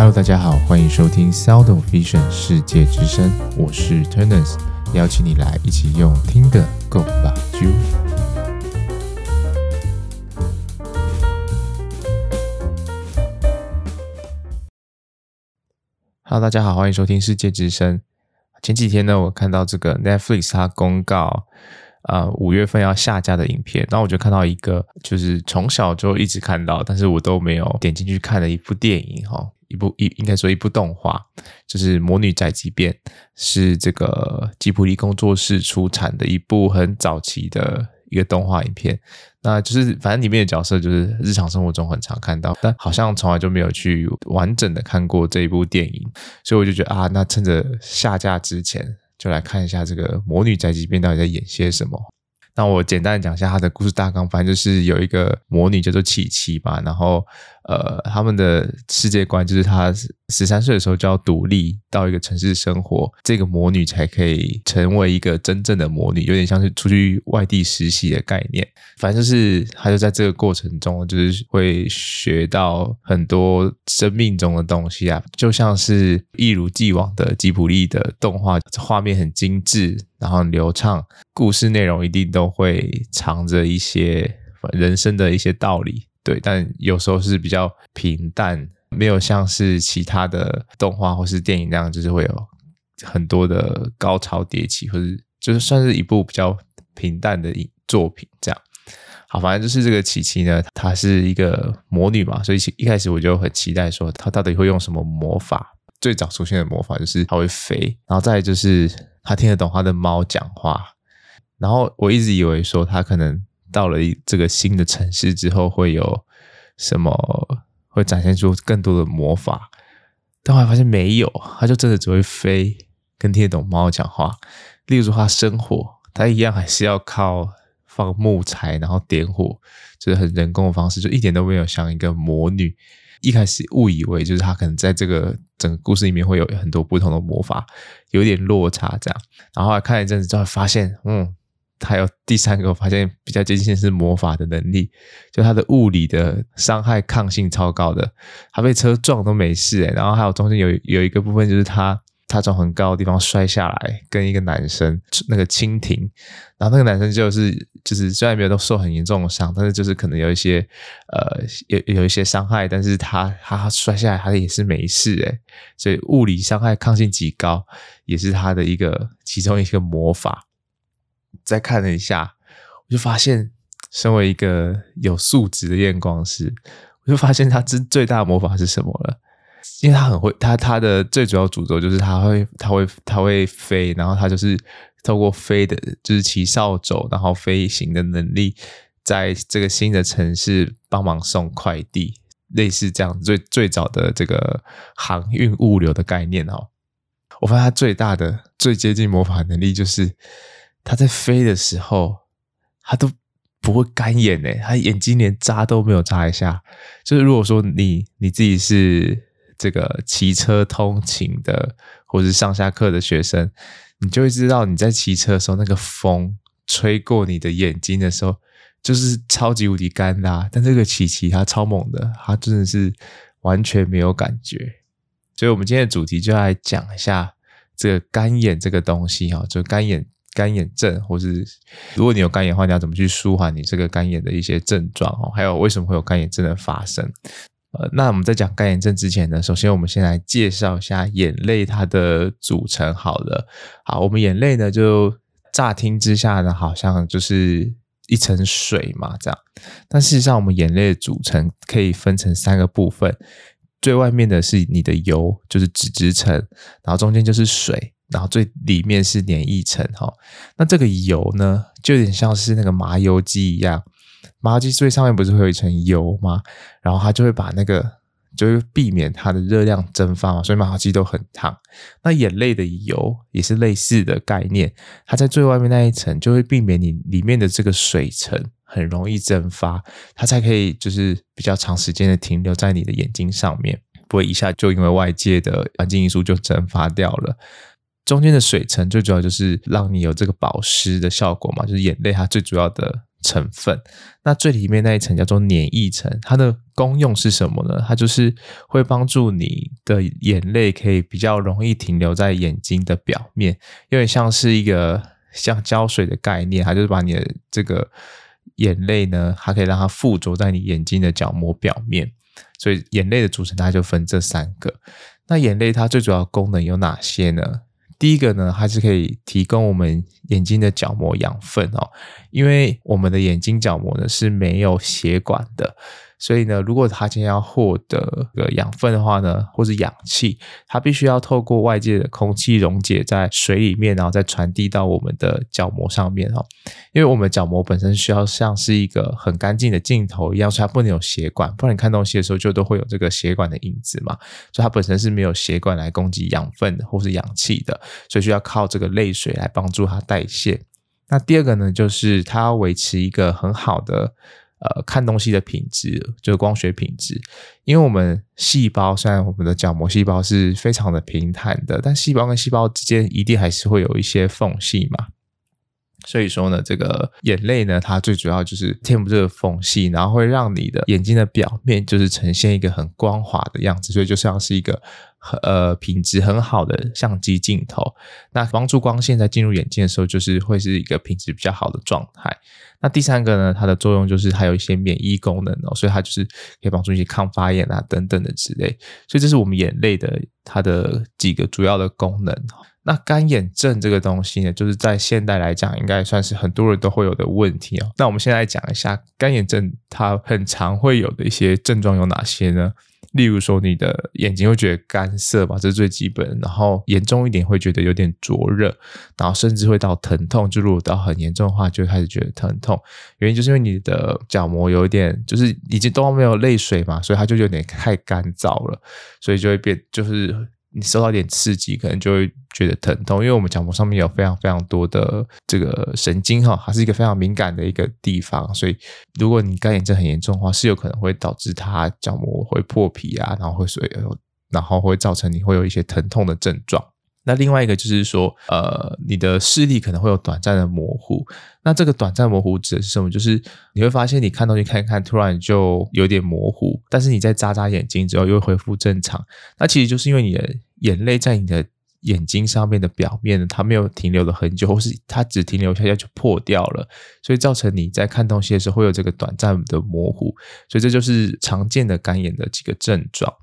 Hello，大家好，歡迎收聽 Sound Vision 世界之聲，我是 Turners，邀請你來一起用聽的 go 吧，就。Hello，大家好，歡迎收聽世界之聲。前幾天呢，我看到這個 Netflix 它公告，呃，五月份要下架的影片，然後我就看到一個，就是從小就一直看到，但是我都沒有點進去看的一部電影，哦，哈。一部一，應該說一部動畫，就是《魔女宅急便》，是這個吉卜力工作室出產的一部很早期的一個動畫影片。那就是反正裡面的角色就是日常生活中很常看到，但好像從來就沒有去完整的看過這一部電影，所以我就覺得啊，那趁着下架之前，就來看一下這個《魔女宅急便》到底在演些什麼？那我簡單講一下它的故事大綱，反正就是有一個魔女叫做琪琪吧，然後。呃，他們的世界觀就是他十三歲的時候就要獨立到一個城市生活，這個魔女才可以成為一個真正的魔女，有點像是出去外地實習的概念。反正就是他就在這個過程中，就是會學到很多生命中的東西啊，就像是一如既往的吉卜力的動畫，畫面很精緻，然後很流暢，故事內容一定都會藏着一些人生的一些道理。對，但有時候是比較平淡，沒有像是其他的動畫或是電影那樣，就是會有很多的高潮迭起，或者就是算是一部比較平淡的影作品。這樣，好，反正就是這個琪琪呢，她是一個魔女嘛，所以一一開始我就很期待說她到底會用什麼魔法。最早出現的魔法就是她會飛，然後再就是她聽得懂她的貓講話，然後我一直以為說她可能。到了這個新的城市之後，會有什麼會展現出更多的魔法？但我還發現沒有，他就真的只會飛，跟聽得懂貓講話。例如說它生活，他生火，他一樣還是要靠放木材，然後點火，就是很人工的方式，就一點都沒有像一個魔女。一開始誤以為就是他可能在這個整個故事裡面會有很多不同的魔法，有點落差這樣。然後,後來看一陣子之後，發現，嗯。還有第三個，我發現比較接近的是魔法的能力，就他的物理的傷害抗性超高的，他被車撞都沒事欸，然後還有中間有有一個部分，就是他他從很高的地方摔下來，跟一個男生那個蜻蜓，然後那個男生就是就是雖然沒有都受很嚴重的傷，但是就是可能有一些呃有有一些傷害，但是他他、他摔下來他也是沒事誒、欸，所以物理傷害抗性極高，也是他的一個其中一個魔法。再看了一下，我就發現，身為一個有素質的驗光師，我就發現他這最大的魔法是什麼了。因為他很會，他他的最主要主軸，就是他會，他會，他會飛，然後他就是透過飛的，就是騎掃帚，然後飛行的能力，在這個新的城市幫忙送快遞，類似這樣最最早的這個航運物流的概念哦。我發現他最大的最接近魔法能力就是。他在飛的時候，他都不會乾眼誒，他眼睛連眨都沒有眨一下。就是如果說你你自己是這個騎車通勤的，或者是上下課的學生，你就會知道你在騎車的時候，那個風吹過你的眼睛的時候，就是超級無敵乾啦啊。但這個琪琪它超猛的，它真的是完全沒有感覺。所以，我們今天的主題就來講一下這個乾眼這個東西哈哦，就乾眼。乾眼症，或是如果你有乾眼的話，你要怎麼去舒緩你這個乾眼的一些症狀哦？還有為什麼會有乾眼症的發生？呃，那我們在講乾眼症之前呢，首先我們先來介紹一下眼淚它的組成好了。好，我們眼淚呢，就乍聽之下呢，好像就是一層水嘛，這樣。但事實上，我們眼淚的組成可以分成三個部分，最外面的是你的油，就是脂質層，然後中間就是水。然後最裡面是黏液層。哦，哈，那這個油呢，就有點像是那個麻油雞一樣，麻油雞最上面不是會有一層油嗎？然後它就會把那個，就會避免它的熱量蒸發嘛，所以麻油雞都很燙。那眼淚的油也是類似的概念，它在最外面那一層，就會避免你裡面的這個水層很容易蒸發，它才可以就是比較長時間的停留在你的眼睛上面，不會一下就因為外界的環境因素就蒸發掉了。中間的水層最主要就是讓你有這個保濕的效果嘛，就是眼淚它最主要的成分。那最裡面那一層叫做粘液層，它的功用是什麼呢？它就是會幫助你的眼淚可以比較容易停留在眼睛的表面，因為像是一個像膠水的概念，它就是把你的這個眼淚呢，它可以讓它附着在你眼睛的角膜表面。所以眼淚的組成它就分這三個。那眼淚它最主要的功能有哪些呢？第一個呢，還是可以提供我們眼睛的角膜養分哦，因為我們的眼睛角膜呢，是沒有血管的。所以呢，如果它今天要獲得個養分的話呢，或是氧氣，它必須要透過外界的空氣溶解在水裡面，然後再傳遞到我們的角膜上面哦。因為我們的角膜本身需要像是一個很乾淨的鏡頭一樣，所以它不能有血管，不然你看東西的時候就都會有這個血管的影子嘛。所以它本身是沒有血管來供給養分或是氧氣的，所以需要靠這個淚水來幫助它代謝。那第二個呢，就是它要維持一個很好的。呃，看東西的品質，就是光學品質，因為我們細胞，雖然我們的角膜細胞是非常的平坦的，但細胞跟細胞之間一定還是會有一些縫隙嘛。所以說呢，這個眼淚呢，它最主要就是填補這個縫隙，然後會讓你的眼睛的表面就是呈現一個很光滑的樣子，所以就像是一個呃品質很好的相機鏡頭，那幫助光線在進入眼睛的時候，就是會是一個品質比較好的狀態。那第三個呢，它的作用就是它有一些免疫功能哦，所以它就是可以幫助一些抗發炎啊等等的之類。所以這是我們眼淚的它的幾個主要的功能。那乾眼症這個東西呢，就是在現代來講，應該算是很多人都會有的問題哦。那我們現在來講一下乾眼症，它很常會有的一些症狀有哪些呢？例如說，你的眼睛會覺得乾澀吧，這是最基本的。然後嚴重一點會覺得有點灼熱，然後甚至會到疼痛。就如果到很嚴重的話，就會開始覺得疼痛。原因就是因為你的角膜有一點，就是已經都沒有淚水嘛，所以它就有點太乾燥了，所以就會變就是。你受到一點刺激，可能就會覺得疼痛，因為我們角膜上面有非常非常多的這個神經哈，它是一個非常敏感的一個地方，所以如果你乾眼症很嚴重的話，是有可能會導致它角膜會破皮啊，然後會所然後會造成你會有一些疼痛的症狀。那另外一個就是說，呃，你的視力可能會有短暫的模糊。那這個短暫模糊指的是什麼？就是你會發現你看東西看一看，突然就有點模糊，但是你再眨眨眼睛之後又會恢復正常。那其實就是因為你的眼淚在你的眼睛上面的表面呢，它沒有停留了很久，或是它只停留一下就破掉了，所以造成你在看東西的時候會有這個短暫的模糊，所以這就是常見的乾眼的幾個症狀。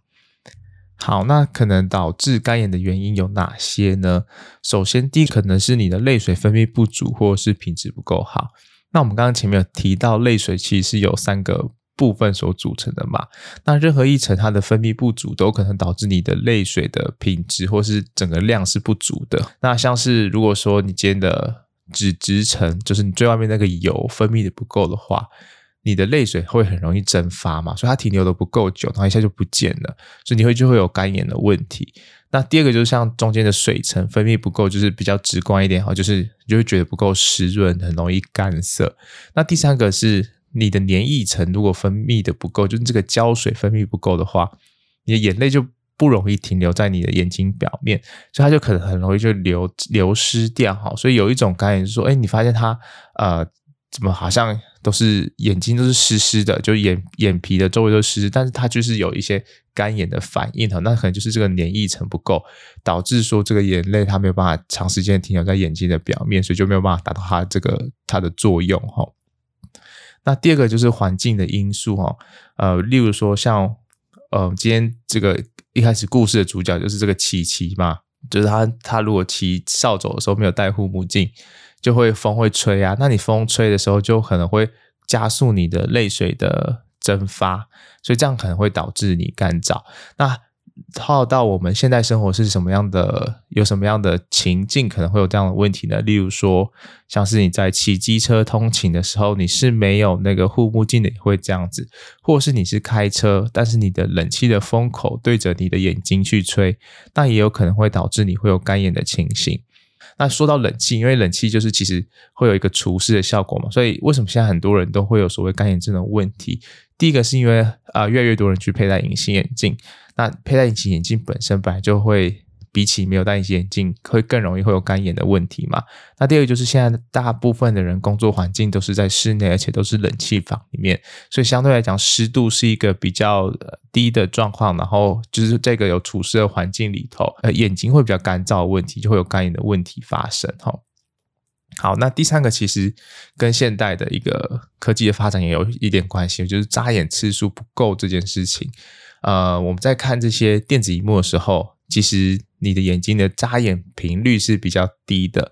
好，那可能導致乾眼的原因有哪些呢？首先，第一可能是你的淚水分泌不足，或者是品質不夠好。那我們剛剛前面有提到，淚水其實是有三個。部分所組成的嘛，那任何一層它的分泌不足，都可能導致你的淚水的品質或是整個量是不足的。那像是如果說你今天的脂質層，就是你最外面那個油分泌的不夠的話，你的淚水會很容易蒸發嘛，所以它停留的不夠久，然後一下就不見了，所以你會就會有乾眼的問題。那第二個就是像中間的水層分泌不夠，就是比較直觀一點，哈，就是你就會覺得不夠濕潤，很容易乾澀。那第三個是。你的粘液層如果分泌的不夠，就是這個膠水分泌不夠的話，你的眼淚就不容易停留在你的眼睛表面，所以它就可能很容易就流流失掉。所以有一種乾眼是說，哎，你發現它、呃、怎麼好像都是眼睛都是濕濕的，就眼眼皮的周圍都是濕，但是它就是有一些乾眼的反應，那可能就是這個粘液層不夠，導致說這個眼淚它沒有辦法長時間停留在眼睛的表面，所以就沒有辦法達到它這個它的作用。那第二個就是環境的因素哦，呃，例如說像呃，今天這個一開始故事的主角就是這個琪琪嘛，就是他他如果騎掃帚的時候沒有戴護目鏡，就會風會吹啊，那你風吹的時候就可能會加速你的淚水的蒸發，所以這樣可能會導致你乾燥。那套到我們現在生活是什麼樣的？有什麼樣的情境可能會有這樣的問題呢？例如說，像是你在騎機車通勤的時候，你是沒有那個護目鏡的，會這樣子；或是你是開車，但是你的冷氣的風口對着你的眼睛去吹，那也有可能會導致你會有乾眼的情形。那說到冷氣，因為冷氣就是其實會有一個除濕的效果嘛，所以為什麼現在很多人都會有所謂乾眼症的問題？第一個是因為啊、呃，越來越多人去佩戴隱形眼鏡。那佩戴隱形眼鏡本身本來就會比起沒有戴隱形眼鏡會更容易會有乾眼的問題嘛。那第二個就是現在大部分的人工作環境都是在室內，而且都是冷氣房裡面，所以相對來講濕度是一個比較低的狀況。然後就是這個有除濕的環境裡頭，呃，眼睛會比較乾燥的問題，就會有乾眼的問題發生。哈，好，那第三個其實跟現代的一個科技的發展也有一點關係，就是眨眼次數不夠這件事情。呃，我們在看這些電子螢幕的時候，其實你的眼睛的眨眼頻率是比較低的。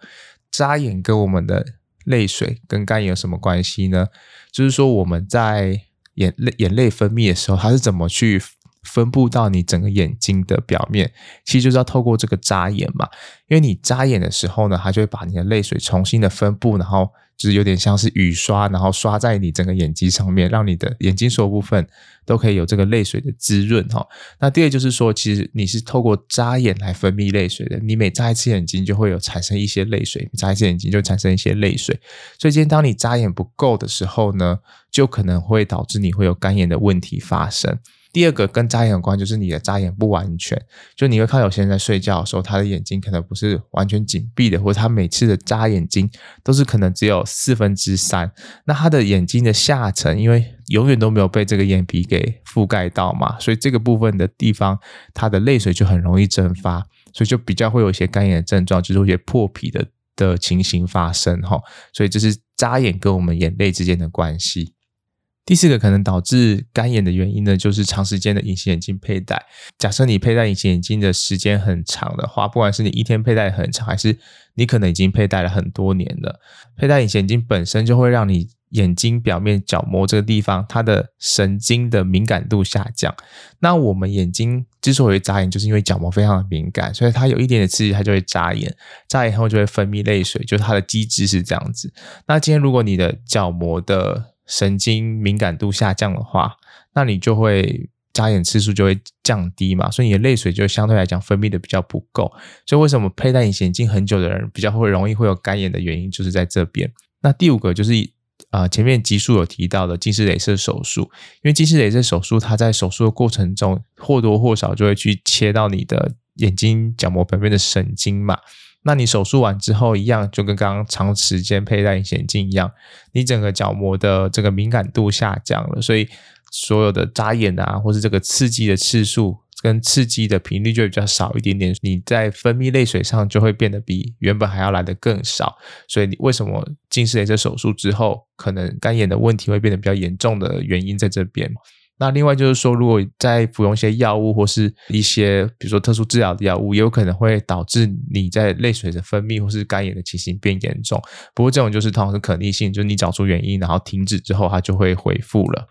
眨眼跟我們的淚水、跟乾眼有什麼關係呢？就是說我們在眼淚、眼淚分泌的時候，它是怎麼去分布到你整個眼睛的表面？其實就是要透過這個眨眼嘛，因為你眨眼的時候呢，它就會把你的淚水重新的分布，然後。就是有點像是雨刷，然後刷在你整個眼睛上面，讓你的眼睛所有部分都可以有這個淚水的滋潤哈。那第二就是說，其實你是透過眨眼來分泌淚水的，你每眨一次眼睛就會有產生一些淚水，你眨一次眼睛就會產生一些淚水。所以今天當你眨眼不夠的時候呢，就可能會導致你會有乾眼的問題發生。第二個跟眨眼有關，就是你的眨眼不完全，就你會看到有些人在睡覺的時候，他的眼睛可能不是完全緊閉的，或者他每次的眨眼睛都是可能只有四分之三。那他的眼睛的下層，因為永遠都沒有被這個眼皮給覆蓋到嘛，所以這個部分的地方，他的淚水就很容易蒸發，所以就比較會有一些乾眼的症狀，就是有些破皮的的情形發生哈。所以這是眨眼跟我們眼淚之間的關係。第四個可能導致乾眼的原因呢，就是長時間的隱形眼鏡佩戴。假設你佩戴隱形眼鏡的時間很長的話，不管是你一天佩戴很長，還是你可能已經佩戴了很多年了，佩戴隱形眼鏡本身就會讓你眼睛表面角膜這個地方它的神經的敏感度下降。那我們眼睛之所以眨眼，就是因為角膜非常的敏感，所以它有一點點刺激，它就會眨眼，眨眼後就會分泌淚水，就是它的機制是這樣子。那今天如果你的角膜的神經敏感度下降的話，那你就會眨眼次數就會降低嘛，所以你的淚水就相對來講分泌的比較不夠。所以為什麼佩戴隱形眼鏡很久的人比較會容易會有乾眼的原因就是在這邊。那第五個就是啊、呃，前面集數有提到的近視雷射手術，因為近視雷射手術它在手術的過程中或多或少就會去切到你的眼睛角膜表面的神經嘛。那你手術完之後，一樣就跟剛剛長時間佩戴隱形眼鏡一樣，你整個角膜的這個敏感度下降了，所以所有的眨眼啊，或是這個刺激的次數跟刺激的頻率就比較少一點點。你在分泌淚水上就會變得比原本還要來得更少，所以你為什麼近視雷射手術之後可能乾眼的問題會變得比較嚴重的原因在這邊。那另外就是說，如果再服用一些藥物，或是一些比如說特殊治療的藥物，也有可能會導致你在淚水的分泌或是乾眼的情形變嚴重。不過這種就是通常是可逆性，就是你找出原因，然後停止之後，它就會恢復了。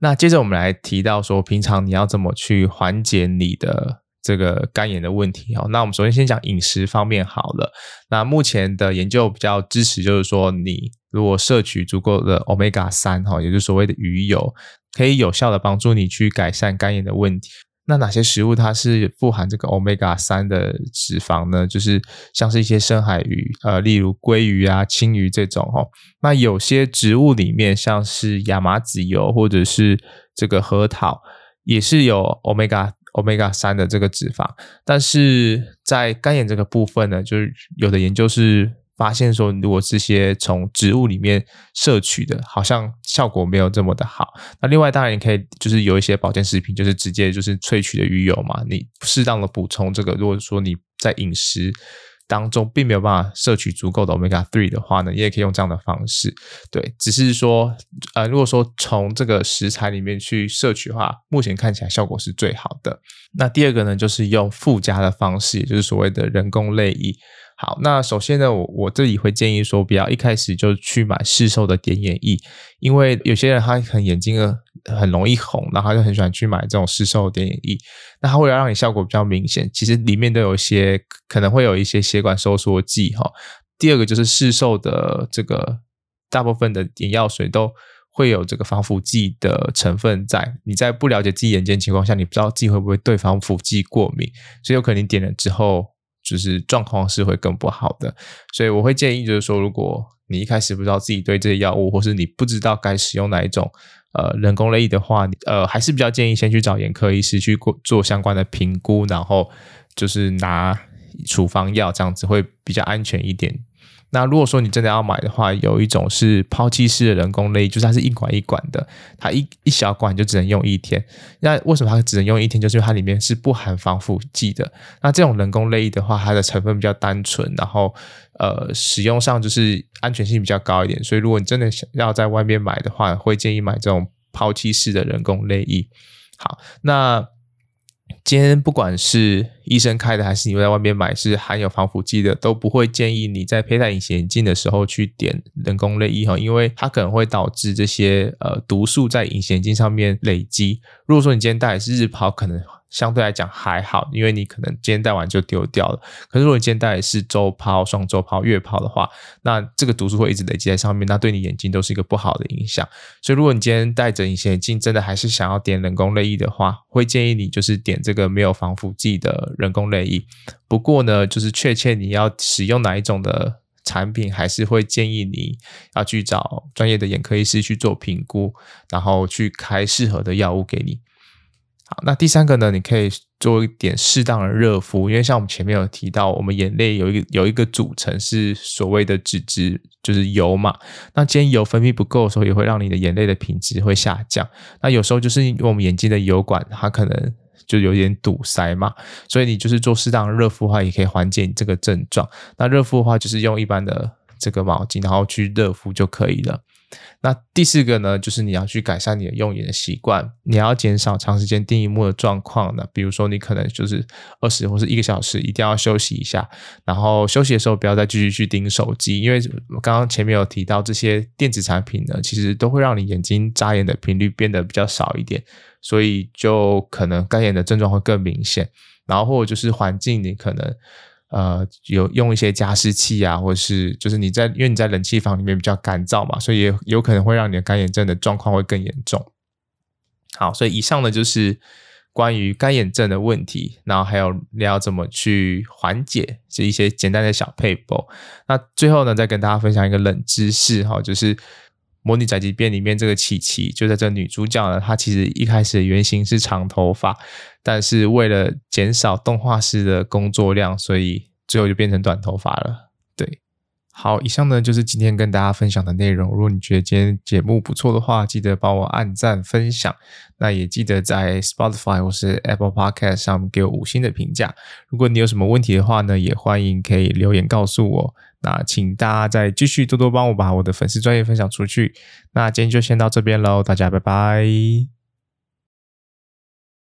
那接着我們來提到說，平常你要怎麼去緩解你的這個乾眼的問題？哈，那我們首先先講飲食方面好了。那目前的研究比較支持，就是說你如果攝取足夠的 Omega 三，哈，也就是所謂的魚油。可以有效地幫助你去改善乾眼的問題。那哪些食物它是富含這個 omega 三的脂肪呢？就是像是一些深海魚，呃，例如鮭魚啊、青魚這種哦。那有些植物裡面，像是亞麻籽油或者是這個核桃，也是有 omega omega 三的這個脂肪。但是在乾眼這個部分呢，就是有的研究是，發現說，如果這些從植物裡面攝取的，好像效果沒有這麼的好。那另外當然你可以，就是有一些保健食品，就是直接就是萃取的魚油嘛。你適當的補充這個，如果說你在飲食當中並沒有辦法攝取足夠的 Omega Three 的話呢，你也可以用這樣的方式。對，只是說，呃，如果說從這個食材裡面去攝取的話，目前看起來效果是最好的。那第二個呢，就是用附加的方式，也就是所謂的人工類異。好，那首先呢，我我自己會建議說，不要一開始就去買市售的點眼液，因為有些人他可能眼睛呃很容易紅，然後他就很喜歡去買這種市售的點眼液。那它為了讓你效果比較明顯，其實裡面都有一些可能會有一些血管收縮劑哈、哦。第二個就是市售的這個大部分的眼藥水都會有這個防腐劑的成分在，你在不了解自己眼睛的情況下，你不知道自己會不會對防腐劑過敏，所以有可能你點了之後。就是狀況是會更不好的，所以我會建議就是說，如果你一開始不知道自己對這些藥物，或是你不知道該使用哪一種呃人工淚液的話，呃，還是比較建議先去找眼科醫師去過做相關的評估，然後就是拿處方藥這樣子會比較安全一點。那如果說你真的要買的話，有一種是拋棄式的人工淚液，就是它是一管一管的，它一一小管就只能用一天。那為什麼它只能用一天？就是因為它裡面是不含防腐劑的。那這種人工淚液的話，它的成分比較單純，然後呃，使用上就是安全性比較高一點。所以如果你真的想要在外面買的話，會建議買這種拋棄式的人工淚液。好，那。今天不管是醫生開的還是你在外面買，是含有防腐劑的，都不會建議你在佩戴隱形眼鏡的時候去點人工淚液哈，因為它可能會導致這些呃毒素在隱形眼鏡上面累積。如果說你今天戴的是日拋，可能。相對來講還好，因為你可能今天戴完就丟掉了。可是如果你今天戴的是週拋、雙週拋、月拋的話，那這個毒素會一直累積在上面，那對你眼睛都是一個不好的影響。所以如果你今天戴着隱形眼鏡，真的還是想要點人工淚液的話，會建議你就是點這個沒有防腐劑的人工淚液。不過呢，就是確切你要使用哪一種的產品，還是會建議你要去找專業的眼科醫師去做評估，然後去開適合的藥物給你。好，那第三個呢，你可以做一點適當的熱敷，因為像我們前面有提到，我們眼淚有一個有一個組成是所謂的脂質，就是油嘛。那既然油分泌不夠，所以也會讓你的眼淚的品質會下降。那有時候就是因為我們眼睛的油管它可能就有點堵塞嘛，所以你就是做適當的熱敷的話，也可以緩解你這個症狀。那熱敷的話，就是用一般的這個毛巾，然後去熱敷就可以了。那第四個呢，就是你要去改善你的用眼的習慣，你要減少長時間盯螢幕的狀況呢，比如說，你可能就是二十或是一個小時，一定要休息一下。然後休息的時候，不要再繼續去盯手機，因為我剛剛前面有提到這些電子產品呢，其實都會讓你眼睛眨眼的頻率變得比較少一點，所以就可能乾眼的症狀會更明顯。然後或者就是環境，你可能，呃，有用一些加濕器啊，或是就是你在，因為你在冷氣房裡面比較乾燥嘛，所以也有可能會讓你的乾眼症的狀況會更嚴重。好，所以以上呢就是關於乾眼症的問題，然後還有要怎麼去緩解，這一些簡單的小撇步。那最後呢，再跟大家分享一個冷知識哈、哦，就是。《魔女宅急便》裡面這個琪琪，就在這女主角呢，她其實一開始原型是長頭髮，但是為了減少動畫師的工作量，所以最後就變成短頭髮了。對。好，以上呢就是今天跟大家分享的內容。如果你覺得今天節目不錯的話，記得幫我按贊、分享，那也記得在 Spotify 或是 Apple Podcast 上給我五星的評價。如果你有什麼問題的話呢，也歡迎可以留言告訴我。那請大家再繼續多多幫我把我的粉絲專頁分享出去。那今天就先到這邊嘍，大家拜拜。